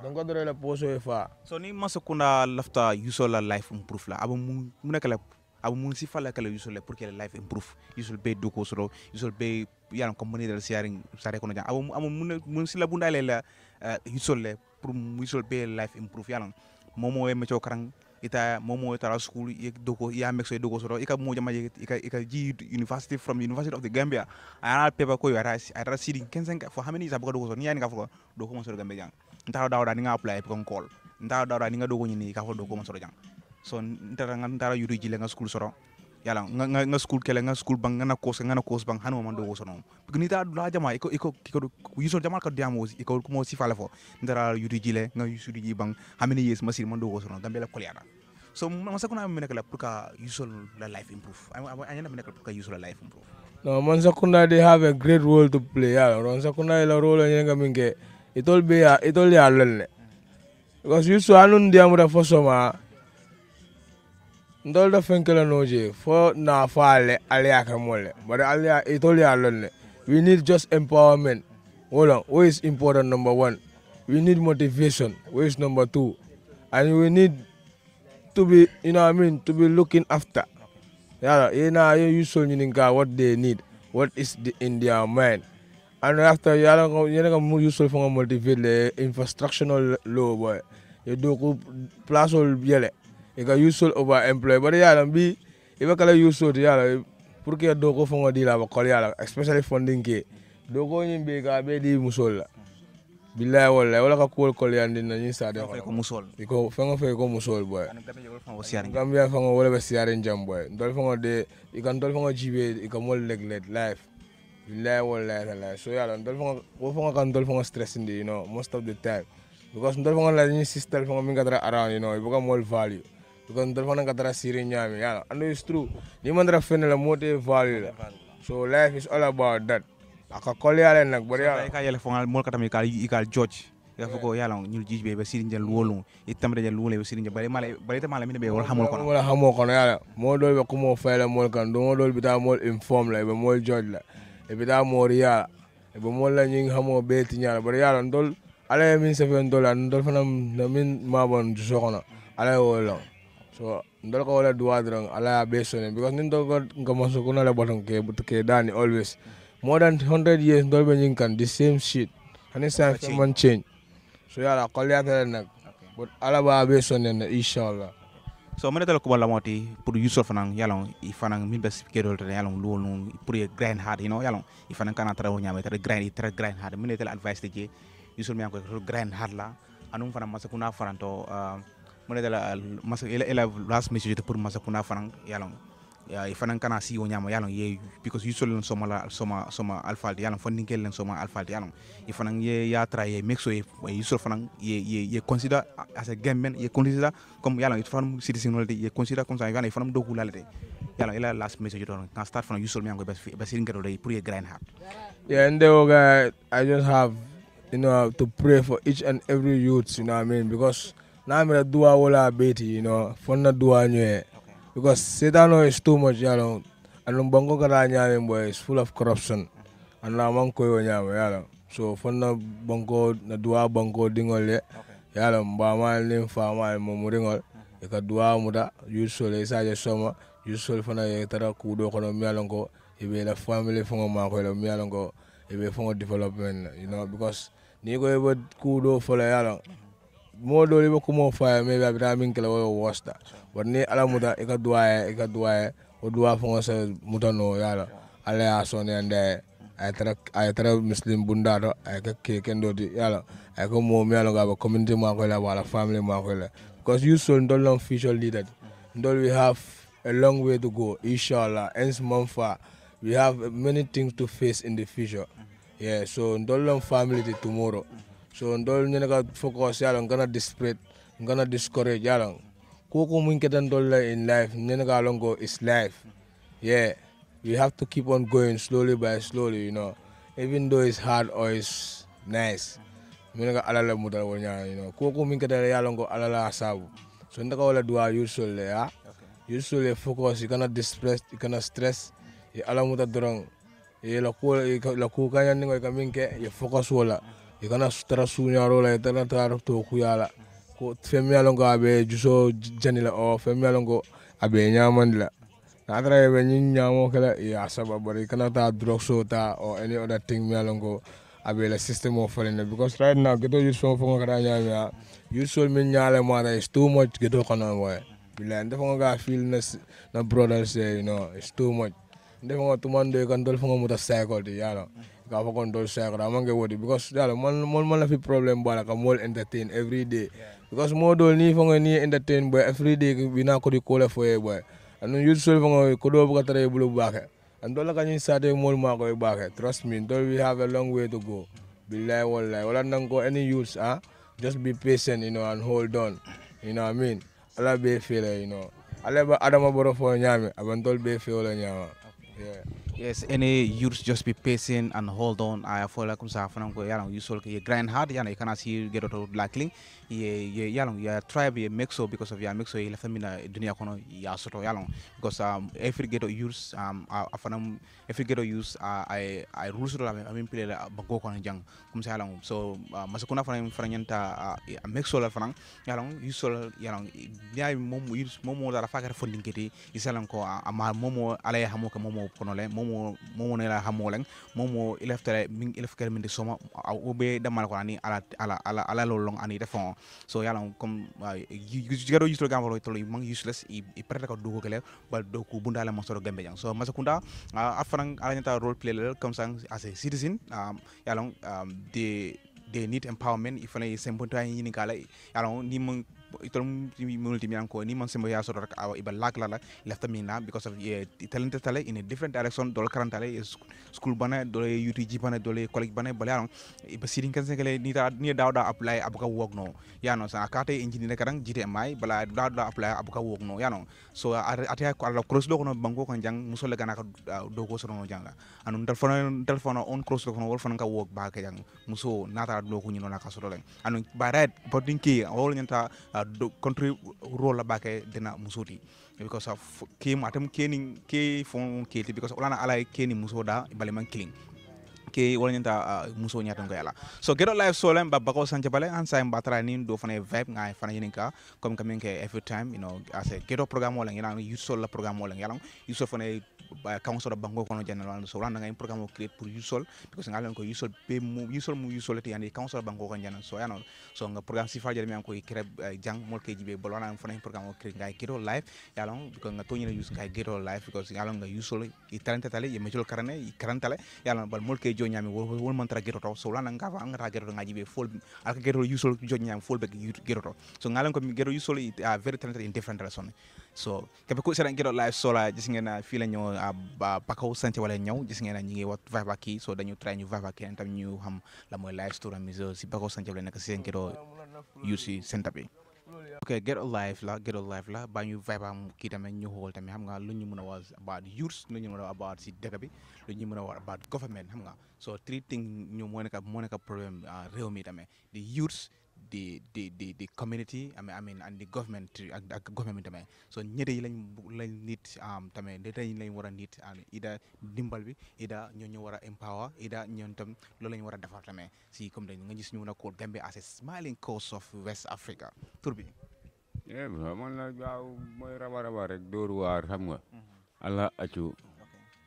donc ko doro la poso e fa so ni maso kuna lafta yuso la life improve la abu mu nekala abu mun si fala kala yusul pour que life improve yusul be do ko soro yusul be yalan ko moni dal siaring sare ko jang abu abu mun mun si la bunda eh, le la yusul le pour yusul be life improve yalan momo e me cho karang ita momo tara school i doko i amek so doko so ika mo jama ika ika ji university from university of the gambia ana paper ko yara ara sidi kensen for how many is abuka doko so ni ani ka fo doko mo soro gambia jang ntara dawda ni nga apply ko call ntara dawda ni nga doko ni ka fo doko mo so jang so ntara nga ntara yudu jile nga school soro yala nga nga, nga school kele nga school bang nga course nga na course bang hanu man do sono non ni ta la jama iko iko iko yuso jama ka diamo iko ko mo si fale fo ndara yudu jile nga yusu ji bang how many years masir man do sono non la koliana so man sax kunna mi nekk la pour ka useful la life improve ay na mi nekk pour ka useful la life improve
no man sax kunna they have a great role to play ya ron sax kunna la role ne nga minge itol be ya itol ya lelle because useful anun dia mu da fosoma ndol da fenkela noje fo na faale ale ya ka mole but ale ya itol ya lelle we need just empowerment hold on what is important number one we need motivation what is number two and we need to be, you know what I mean, to be looking after. Yeah, you know, you show God what they need, what is the, in their mind. And after you are going to use for motivate the eh, infrastructural law, boy. You do go plus all yele. You can use all over employ, but yeah, and be if I can use all the pour que doko fongo di la ba kol yala especially funding ke eh. doko nyimbe ka be di musola billahi wala, wala ka kuwol kol yandi na ñin sade ko musol iko fengo fe ko musol boy gambia fango wala be siare jam boy ndol fango de ikan ndol fango jibe ika mol leg leg life billahi wala, la so yala ndol fango wo fango kan ndol fango stress ndi you know most of the time because ndol fango la ñin sister fango min kadara around you know ibuka mol value because ndol fango kadara sire nyami I and it's true ni mandara la mote value so life is all about that
akakoleyalen nak ka yele fongal mol katam ikal ikal george ya foko yala ñul jiji be sirin jël wolum itam rajal wole be sirin bare mala bare ta mala min be wol xamul ko wala xamo kan do bita mol
inform la be mol george la e bita mor yala e be mol la ñing xamo be ti ñala bare yala ndol ala min se fen dola ndol fanam na min ma bon soxna ala wolo so ndol ko wala duwa drang ala be sonen because nin do ko ngam so ko na la botan ke more than 100 years ndol be kan the same shit ani sa fi man change so yala ko liata nak
but ala ba be sonne na inshallah so mene dal ko wala moti pour yusuf nan yalon i fanan min bes ke dol tan yalon lo non pour ye hard you know yalon i fanan kana tara wonya me tara grind tara hard mene dal advice de yusuf mi an ko grand hard la anum fanan kuna faranto uh, mene ma uh, masak ila ila last message pour masakuna fanang yalon uh, e fanan kana siwo ñama yalan ye because yusolen soma la soma soma alfalde yalan fondinkellen soma alfalde yalan e fanan ye yatra ye mexo ye yusol fanan ye ye ye consider as a game men ye consider comme yalan it fanam citizenolde ye consider comme ça yalan e fanam dokulalde yalan ila last message don kan start fanan yusol miango bas bas ngado dey pour ye grind hard yeah and they oh, were, i just have you
know to pray for each and every youth you know what i mean because na mera dua wala beti you know fonna dua nyue because Sedano is too much yalo anong bongo kada nyame boy is full of corruption and na man ko nyame yalo so fonna bongo na dua bongo dingole yalo mba mal nim fa mal mo muringol mm-hmm. e ka dua muda usually sa je soma usually fana e tara ku do kono mialo ko e be la family fongo ma ko lo mialo ko e be fongo development you know because ni ko e mm-hmm. be ku do fo la yalo mo do le ko mo fa me be abita min wanne alamuta i ka duwa ye i ka duwa ye wo muta noo ye a la alla ye tara a ye tara ka kee ti ye a ka moo miŋ ye community maakoyi la a family maakoyi la because you sol ntolu loŋ future leader ti we have a long way to go inshallah ens maŋ faa we have many things to face in the future yeah so ntolu loŋ family ti tomorrow so ntolu ñene ka focus ye a loŋ kana discourage ye Koko Munketandola in life, Nenagalongo is life. Yeah, you have to keep on going slowly by slowly, you know. Even though it's hard or it's nice. Minaga alala mudala wanya, you know. Koko Munketara yalongo alala asabu. So ndaka wala dua usually, yeah. Usually focus, you cannot distress, you cannot stress. You alamuta drong. You lakukanya ningo ikaminke, you focus wala. You cannot stress unyaro la, you cannot tarap to kuyala. Okay. ko femmiyalongo a juso janila a femmiyalongo aɓe ñamandila na atara ɓe ñin ñamo kala ya saba bari kana ta drug so or any other thing miyalongo aɓe la system o falina because right now geto youth fo fo kata ñamia youth sol min ñaale mata is too much geto kono moye bilayi a problem bɔ a la ka mɔl entertain every day Because model ni fanga ni entertain boy every day bina ko di kola you, boy. Anu usual fanga ko do ba tare bulu baake And dola kanyi sate mol ma ko baake Trust me, dol we have a long way to go. Billahi wallahi. Wala nang ko any use ah. Just be patient, you know, and hold on. You know what I mean? Ala
be feel, you know. Ala ba adama boro fo nyame, aban dol be feel la nyaama Yeah. Yes, any youths just be patient and hold on. I follow like I'm saying, you know, you grind hard, you ya, know, you cannot see you get out of blackling. ye ye yalong ya tribe ye mixo because of ya mixo ye lafa mina dunia kono ya soto yalong because um every ghetto use um afanam every ghetto use I uh, I rules la I mean pile bago kono jang kum sa yalong so uh, masakuna fana fana nyanta uh, mixo la fana yalong use yalong ya momo use momo da fa kar funding kiti isalam ko uh, ama momo alay ya hamo ka momo kono le momo momo ne la hamo leng momo ileftere ming ilefkere min de soma o uh, be damal ko ani ala ala ala ala lolong ani defon so yalan comme ah, jigaro yuslo gam lo tolo mang useless i perde ko dogo kele ba do ko bundala mo soro gambe jang so masakunda afran ah, alanyata role play comme ça as a citizen um, ah, yalan um, they they need empowerment ifana semponta yini kala yalan ni mang itam multimiyankoni man sembo yasoro rek awa iba laklala lefta mina because of yeah, talente tale in a different direction dol karantale school bana dol utu bana dol college bana bale aron iba sirin kan sengale ni da ni dawda apply abuka wogno yano sa akate engineer karang gtmi bala dawda apply abuka wogno yano so ate ko ala cross do kono banko kan jang musole kana ka ah, do ko sorono janga anu telephone telephone on cross do kono wol fon ka wog ba ka jang muso nata do ko nyino na ka soro len anu barat bodinki wol nyanta ah, ado rol role la bake dina musoti because of ke matam keni ke fon ke ti because ulana ala keni da balema kilin ke wala nyanta uh, muso nyatan ko yala so gedo live so ba bako sanje bale an sa mbatra ni do fane vibe nga fane yin ka comme comme ke every time you know as a gedo program wala ngina you so la program wala ngala you so fane kawnsol o bangoy kono jannal so wona nangay programme o créé pour yusol parce que ngalen ko yusol pe mu yusol mu yusol te yande kawnsol bangoy ko jannal so yana so nga programme sifa jere mi ko créé eh, jang mol keji be bol wona fona programme o créé ngay gero live yalon ko nga to nyina yus ngay gero live because yalon nga yusol i talente tale ye mejol karane i karantale yalon bal mol keji nyami wol man tara gero to so wona nga fa nga gero ngaji fol alka gero yusol jo fol be gero to so ngalen ko gero yusol a ah, very talented in different person so kaɓe kuɗisaɗan gueɗo live sola jisguena fiila ño a uh, bakaw sante walla ñaw jisguena ñigui wat vavaki so dañu tra ñu vavaki en tam ñu ham lamo live stour amise si bakaw sante walla naka sisen gueɗo yusi sentaɓe ok gueɗo live la gueɗo live la bañu vibe am kii tamit ñu xool tamit xam nga lu ñu mën a wax about youths lu ñu mën a wax about si dëkk bi lu ñu mën a wax about government xam nga so three things ñu moo nekk moo nekk problème uh, réew mi tamit di youths the the the, the community I mean, I mean and the government a government tamit so ñete yi lañ lañ nit tamit ñete yi lañ war a nit ida dimbal bi ida ñoo ñu war a empower ida ñoom tam loolu lañ war a defar tamit si comme dañ nga ñu na ko Gambia as a smiling coast of West Africa tur
la gaaw mooy raba raba rek dóor waar xam nga mm-hmm. ala accu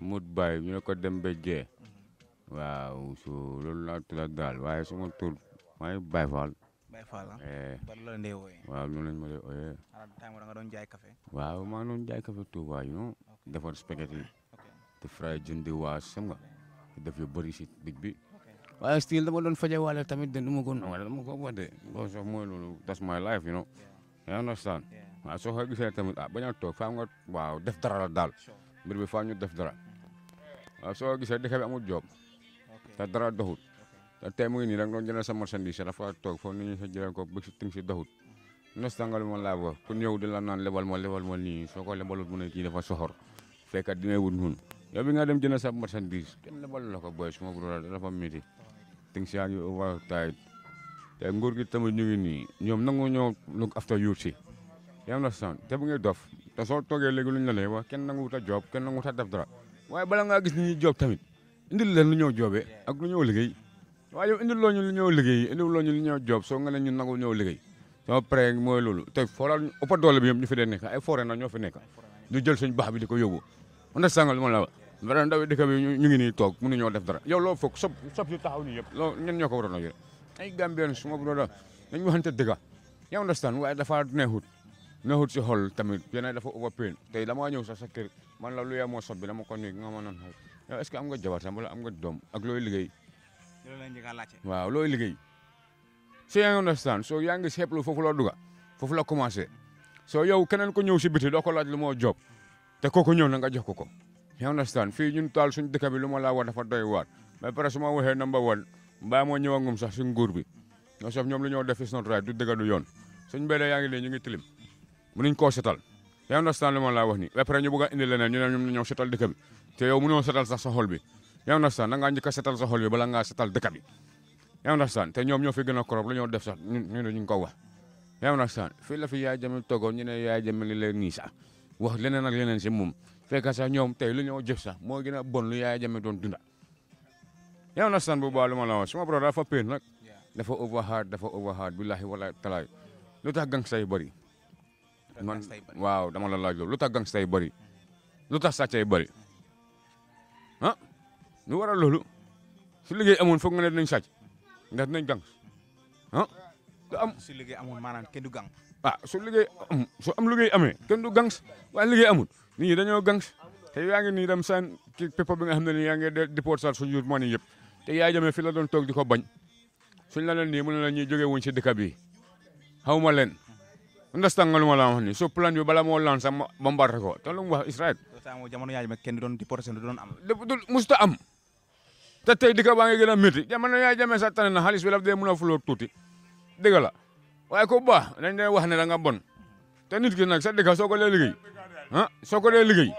mut bay ñu ne ko dem ba jee mm-hmm. waaw so loolu laa tudd daal waaye suma tur maay Baye Fall Baye Fall eh ban la ndé woyé waaw ñu lañ ma lay eh. oyé ala time da nga doon jaay café waaw ma doon jaay café Touba you know defar spaghetti di fry jën di waas xam nga def yu bari ci bij bi waaye still dama doon faje wala tamit de numa ko nongal dama ko wax de loolu sax mooy loolu that's my life you know ya. you understand waaw soo ko gisee tamit ah bañ a toog faa nga waaw def dara la daal mbir bi faa ñu def dara waaw soo ko gisee dëkk bi amul job te dara doxut temu ini rang don jana sama sandi sara fa tok fo ni sa jira ko bu tim ci dahut nos sangal mo wax ku ñew di la naan lebal mo lebal mo ni soko lebalut mo ne ci dafa soxor di ne wut ñun yow bi nga dem jëna sa marchandise dem lebal la ko boy suma bro dafa miti ting ci agi over tay te ngor gi tamu ñu ngi nii nangu ñoo look after you si yaa na san te bu ngay dof te so toge léegi lu la lay wax kenn nangu ta job kenn nangu ta def dara waye bala nga gis ni job tamit indil leen lu ñoo jobé eh. ak lu ñoo liggéey waaye indi loo ñu lu ñëw liggéey indil loo ñu ñoo ñëw job soo nga ne ñun nangu liggéey sama pare mooy loolu te foral ëpp doole bi yëpp ñu fi dee nekk ay forêt na ñoo fi nekk ñu jël suñ baax bi di ko yóbbu on a sangal moom la wax vrai ndaw dëkk bi ñu ngi nii toog mënu ñoo def dara yow loo foog sob sob yu taxaw nii yëpp loo ñen ñoo ko waroon a yore ay gambien suma broda dañ waxante dëgg yow understand waaye dafa neexut neexut si xol tamit yéen dafa overpeen tey damaa ñëw sax sa kër man la lu moo sob bi dama ko nii nga ma noon yow est ce am nga jabar tam wala am nga doom ak looy liggéey waaw looy liggéey so yaa ngi understand soo yaa ngi seetlu foofu la dugga foofu la commencé soo yow keneen ko ñëw si biti doo ko laaj lu moo job te kooku ñëw na nga jox ko ko yaa ngi understand fii ñun taal suñu dëkk bi lu ma laa war dafa doy waar mais pare su ma waxee number one mbaa moo ñëw ngum sax si nguur bi ñoo sof ñoom lu ñoo def is not right du dëgg du yoon suñ béy yaa ngi lee ñu ngi tilim mënuñ koo setal yaa ngi understand lu ma laa wax ñu bëgg a indi leneen ñu ne ñoom ñoo setal dëkk bi te yow mënoo setal sax sa bi yaa ngi understand da ngaa njëkk a setal sa xol bi bala ngaa setal dëkk bi yaa ngi understand te ñoom ñoo fi gën a korop lu ñoo def sax ñu ñu ngi ko wax yaa ngi understand fii la fi yaay jëmel toogoon ñu ne yaay jëmel li leen nii sax wax leneen ak leneen si moom fekk sa ñoom tey lu ñoo jef sax moo gën a bon lu yaay jëmel doon dunda yaa ngi understand bu baax ma la wax suma brother dafa peen nag dafa overhard dafa overhard billahi wala talaay lu tax gangsta yi bëri man waaw dama la laaj lu tax gangsta yi bëri lu tax sàcca yi bëri lu waral loolu su liggéey amoon foog nga ne dinañ sàcc ndax dinañ gàng ah. am su liggéey amoon maanaam kenn du gàng. ah su liggéey am su am liggéey amee kenn du gàng waaye liggéey amul nit ñi dañoo gàng te yaa ngi nii dem seen ci pépa bi nga xam ne nii yaa ngi di déport sa suñu moo ni yëpp te yaa jamee fi la doon toog di ko bañ suñ la leen nii mu ne la ñuy jógee wuñ si dëkk bi xaw ma leen. understand nga lu ma la wax nii so plan bi bala moo lan sax ma mbaarte ko te lu mu wax Israël. jamono yaa jamee kenn doon di porté doon a am. ta tay diga bangi ngi gën a métti jamono yaa sa tane na xaalis bi la dee mun tuti fuloo la way ko ba dañ lay wax né da nga bon té nit ki nak sa diga soko ko dee liggéey ah soo ko dee liggéey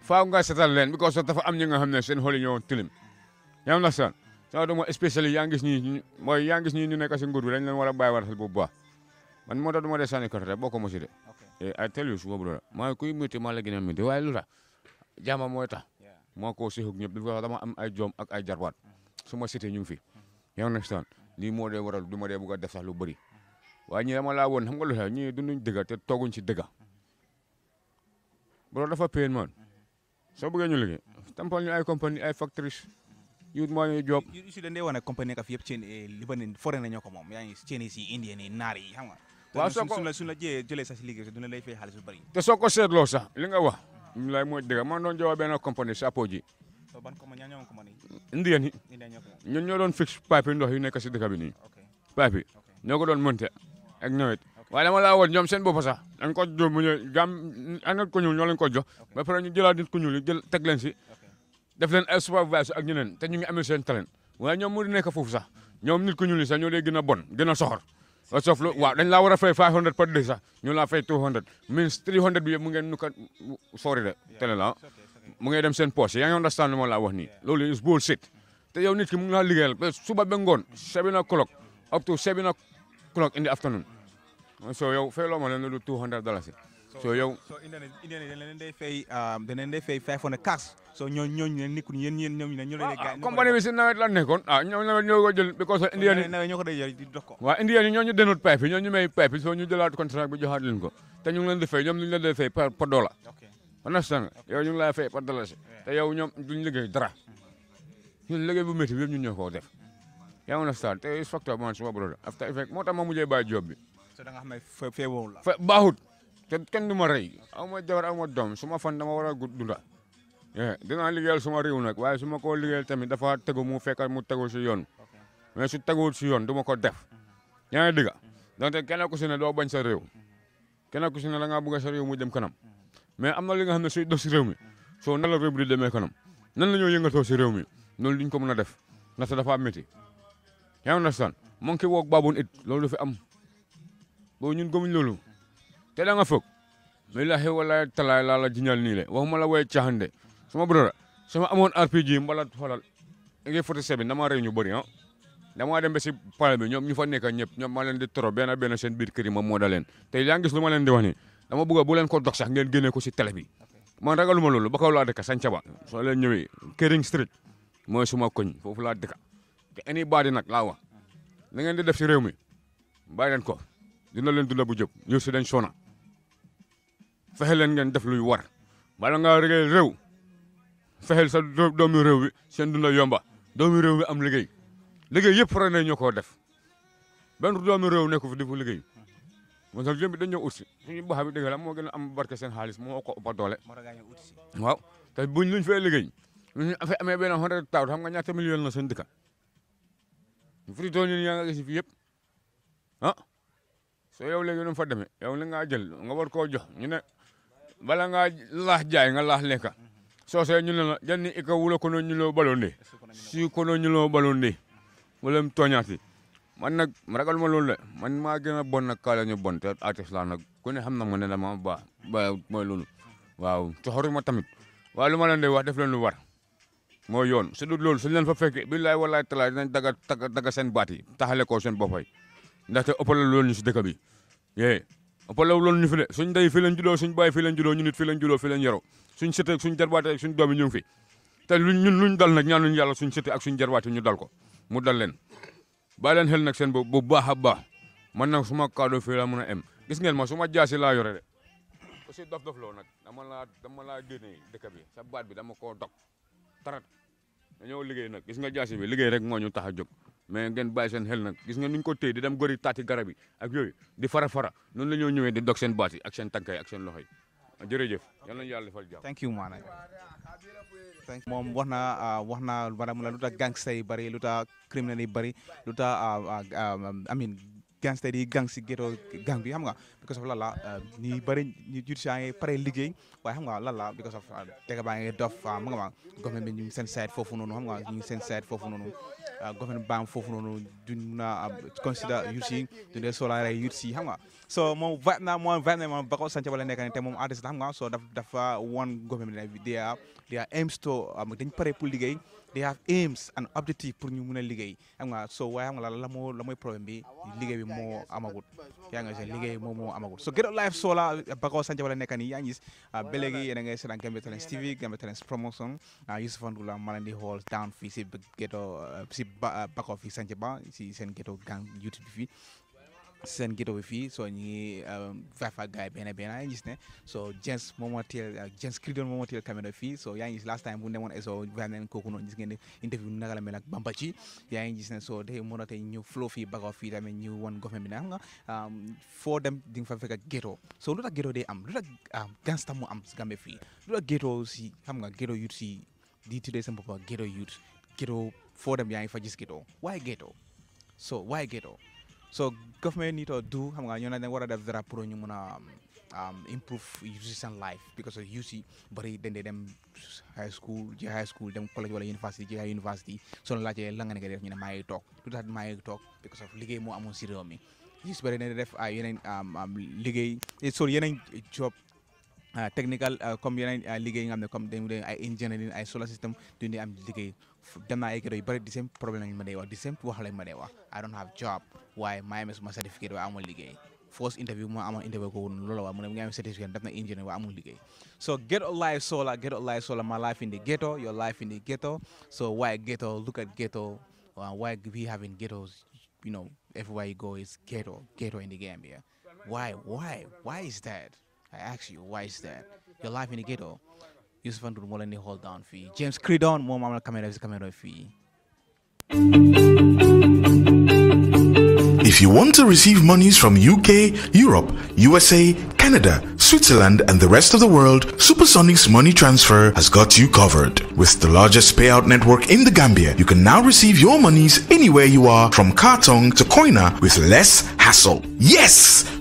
faaw nga setal leen because dafa am ñi nga seen xol ñoo tilim ñam ngi la sa sama doom spécial yaa ya ngiss ni moy ya ngiss ni ñu nekk ci nguur bi dañ leen wara bay waral bu ba man du ma dee carte boo ko mos de ay eh, tell you suba bu la maa kuy métti la gëna metti way lu tax jaama moy ta moo ko seexug ñëpp dafa dama am ay joom ay jarbaat su ma cité ñu ngi fi yaa ngi understand lii moo dee waral du ma dee bëgg a def sax lu bëri waaye ñi dama laa woon xam nga lu tax ñi dunduñ te tooguñ ci dëgg bro dafa peen man soo bëggee ñu liggéey tampal ñu ay compagnie
ay factrice youth moo ñuy job su dañ dee wane compagnie ka fi yëpp eh, moom yaa ngi seen si indien naar yi xam nga waaw soo ko suñ la jëlee sa si liggéey duñ lay fay
te soo ko seetloo sax li nga wax Mulai mo dega man don jawa bena company si apoji.
So ban company ñoo ko mani. Indi ni.
Ñun ñoo doon fix pipe ndox yu nekk si dëkk bi nii. Pipe ñoo ko doon monté ak nawet. waaye dama laa woon ñoom seen bopp sax dañ ko jóg mu ñëw gam ànd ak ko ñuul ñoo leen ko jox ba pare ñu jëlaat nit ku ñuul jël teg leen si def leen ay superviseur ak ñeneen te ñu ngi amee seen talent waaye ñoom mu di nekk foofu sax ñoom nit ku ñuul sax ñoo dee gën a bon gën a soxor nga sof lu waaw dañ laa war fay 500 par day sax ñu laa fay 200 means 300 bi yëpp kan- mu ngeen nu ka sorry de ya, tele la mu ngay dem seen poche yaa ngi understand moo laa wax ni ya. loolu is bullshit te yow nit ki mu ngi laa liggéeyal eh, suba ba ngoon seven o'clock up to seven o'clock in the afternoon so yow fay loo ma leen lu 200 dollars so yow so indene indene dañ leen day fay um, dañ leen day fay five hundred cash so ñoo ñoo ñu ne nikku yéen yéen ñoom ñu ne ñoo leen gaay ah, ah, compagnie bi si nawet la nekkoon ah ñoom nawet ñoo ko jël because indien yi nawet ñoo ko day jël di dox ko waaw indien yi ñoo ñu denut pipe yi ñoo ñu may pipe yi so ñu jëlaat contrat bi joxaat leen ko te ñu ngi leen di fay ñoom ñu leen di fay par par dollar understand yow ñu ngi laa fay par dollar si te yow ñoom duñ liggéey dara ñun liggéey bu métti bi yëpp ñun ñoo ko def yaa understand te is facteur man suma brother after effect moo tax ma mujjee bàyyi job bi so da nga xam ne feewoo la baaxut kenn kenn du ma rey aw ma jabar aw ma doom su ma fan dama war a gudd dunda dinaa liggéeyal suma réew nag waaye su ma koo liggéeyal tamit dafa tegu mu fekk mu tegu si yoon mais su teguwul si yoon du ko def mhm. Yang ngi diga donte kenn ku si ne doo bañ sa réew mhm. ken ku si ne da ngaa bëgg sa réew mu dem kanam mhm. mais am na li nga xam ne suy dox si réew mi soo nan la réew kanam nan la ñoo yëngatoo si mi loolu duñ ko mën a def ndaxte dafa am métti yaa ngi understand monkey walk baboon it loolu dafa am boobu ñun gëmuñ loolu te da nga fëg billahi wala talaay laa la jignal ni le waxuma la way caaxaan sama brother sama amoon RPG mbala xolal ngay photo sebi dama réew ñu bëri ah dama dem ba bi ñom ñu fa nekk ñep ñom ma leen di toro benn benn seen biir kër yi ma moo da leen te yaa ngi gis luma leen di wax ni dama bëgg bu leen ko dox sax ngeen gëné ko ci télé bi man ragaluma lolu ba kaw la dëkk so leen ñëwé Kering Street moy suma koñ fofu la dëkk te anybody nak la wax na ngeen di def ci réew mi bay leen ko dina leen dunda bu jëb ñu si dañ soona fexe leen ngeen def luy war bala nga régee réew fexeel sa doomi réew bi seen dunda yomba doomi réew bi am liggéey liggéey yëpp fara na ñoo koo def benn doomi réew nekku fi difu liggéey moo tax jëm bi dañ ñëw ut si suñu baxa bi la moo gën am barke seen xaalis moo ko ëpp doole waaw te buñ luñ fay liggéey luñ fa amee benn hundred taw xam nga ñaata million na seen dëkka fritoo ñun yaa nga gis fi yëpp ah. so yow legi ñu fa démé yow li nga jël nga war ko jox ñu né bala nga laax jaay nga laax so so ñu ne la janni ika wula kono ñu lo balondé si ko ñu lo balondé wala mu tooñaati man nak ragal ma lool man ma gëna bon nak kala ñu bon té artiste la nak ku ne xamna mo né dama ba ba mooy lool waaw soxoru ma tamit wa lu ma leen di wax def lan lu war mo yoon su dul lool su leen fa fekke billahi wallahi talaay dinañ daga daga sen baat taxale ko bopay ndax te opal lool ñu ci dekk bi yee apollo loolu ñu fi de suñ day fi lañ juddoo suñ baay fi lañ juddoo ñu nit fi lañ juddoo fi lañ yaroo suñ sëte suñ jarbaate ak suñ doomi ñu ngi fi te luñ ñun luñ dal nag ñaanuñu yàlla suñ sete ak suñ jarbaate ñu dal ko mu dal leen bàyyi leen xel nag seen bopp bu baax a baax man nag suma kaddu fii la mën a em gis ngeen ma suma jaasi laa yore de aussi dof dof loo nag dama laa dama laa génne dëkk bi sa baat bi dama koo dog tarat na dañoo liggéey nag gis nga jaasi bi liggéey rek moo ñu tax a jóg mais ngeen bàyyi seen xel nag gis nga nuñ ko téye de dem gori taati garab yi ak yooyu di fara fara noonu la ñoo ñëwee di dog seen baat yi ak seen tànk yi ak seen loxo yi jërëjëf yal nañu yàlla defal jàmm. thank you maanaam.
moom wax na ah, wax na maanaam lu tax gangsta yi bëri lu ta criminel yi bëri lu tax ah, ah, I mean gangster yi gang si ghetto bi xam nga because of lala euh, ñi bëri ñu jur saa ngi pare liggéey waaye xam nga lala because of euh, dëgg baa ngi dof xam nga ma government bi ñu ngi seen side foofu euh, government baam foofu noonu duñ a consider youth yi duñ dee solaare youth yi nga so moom vibe na moom vibe na moom nekk ne te moom artiste la xam nga so dafa dafa won government bi they are they are aims um, pare pour liggéey they have aims and objective pour ñu mun a liggéey xam nga so waaye xam nga la moo la mooy problème bi liggéey bi moo amagut yaa nga seen liggéey moom moo amagut so Get Up Life soo la Bakau Sanchaba la nii yaa ngi gis ah, ba léegi yéen a ngi seetaan Gambian Talents TV Gambian Talents Promotion ah, Youssouf Ndoula ma leen di xool down fii si ghetto si Bakau fii Sanchaba si seen ghetto gang YouTube bi fii seen gito bi fii so ñu ngi um, fafa gaay benn benn yaa gis ne so Jens moom moo teel uh, Jens Cridon moom moo teel caméra fii so yaa ngi gis last time bu demoon eso vaneen kooku noonu gis ne interview naka la mel ak Bamba ci yaa ngi gis ne so day mën a tey ñu flow fii bagaw fii tamit ñu wan government bi ne xam um, foo dem di fa fekk ghetto so lu tax ghetto am lu tax um, gangsta mu am si Gambie fii lu tax xam nga ghetto youth si di tuddee seen bopp ghetto youth ghetto foo dem yaa ngi fa gis ghetto waaye so waaye ghetto so government need to do xam nga ñoo ne dañ war a def dara pour ñu mun a um, improve citizen life because of youth yi bëri dañ dee dem high school ji high school dem college wala university ji high university soo laajee la nga ne def ñu ne maa ngi toog lu tax maa toog because of liggéey moo amoon si réew mi gis bëri def yeneen um, um, liggéey eh, soo yeneen job Uh, technical uh, comme yeneen uh, liggéey nga xam ne comme dañu ay engineering ay solar system duñu am liggéey dem naa ay kër yu bëri di seen problème lañ ma dee wax di seen wax lañ ma dee wax I don't have job waaye maa amee suma certificate waaye amul liggéey first interview moo amoon interview ko woon loolu waa mu ne nga am certificate def na engineer waaye amul liggéey so get a life solar get a life solar my life in the ghetto your life in the ghetto so why ghetto look at ghetto why we having ghettos you know everywhere you go is ghetto ghetto in the Gambia why why why is that I ask you, why is that? Your life in the ghetto. Yusuf Ndurmola the hold down fee. James Creedon, more mama kamera is fee. If you want to receive monies from UK, Europe, USA, Canada, Switzerland, and the rest of the world, Supersonic's money transfer has got you covered. With the largest payout network in the Gambia, you can now receive your monies anywhere you are from Kartong to Koina with less hassle. Yes!